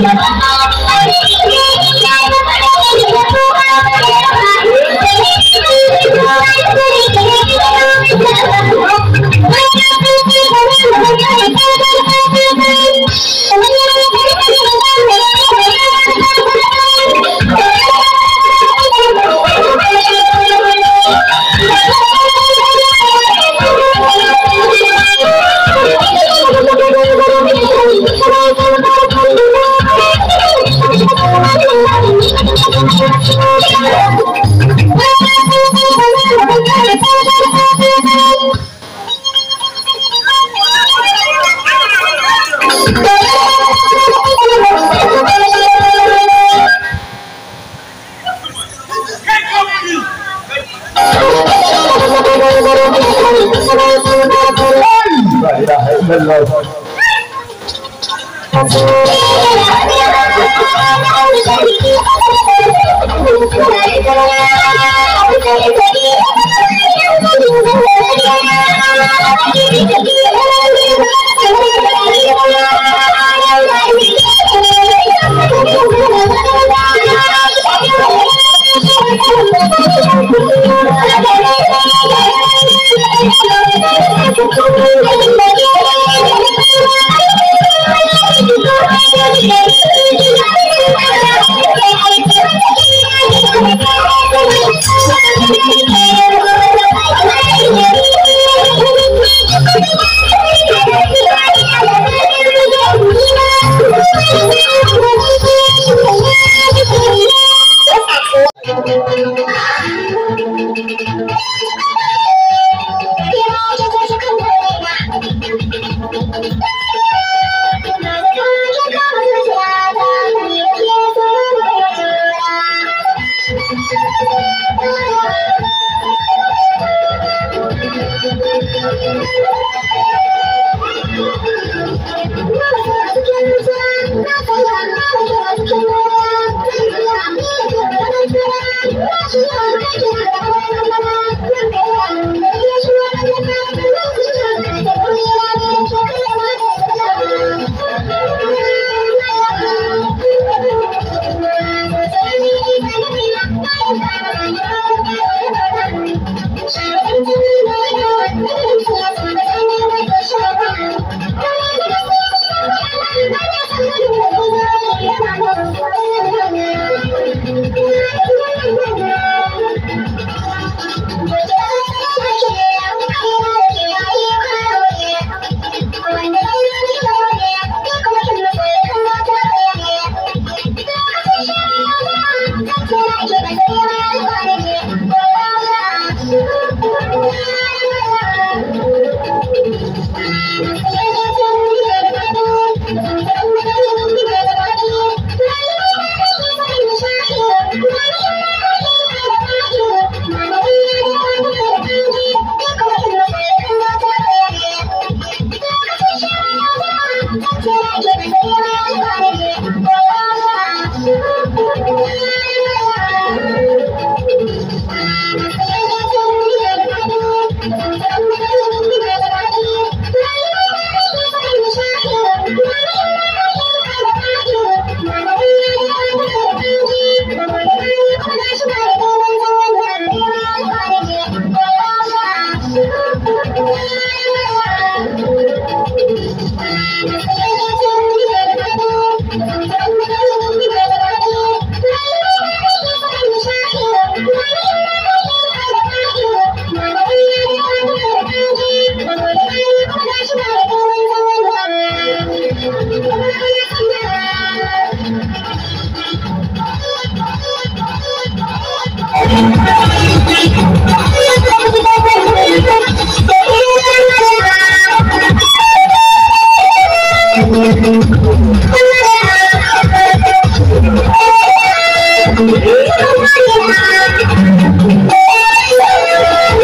Thank you. love. Thank you. Thank you.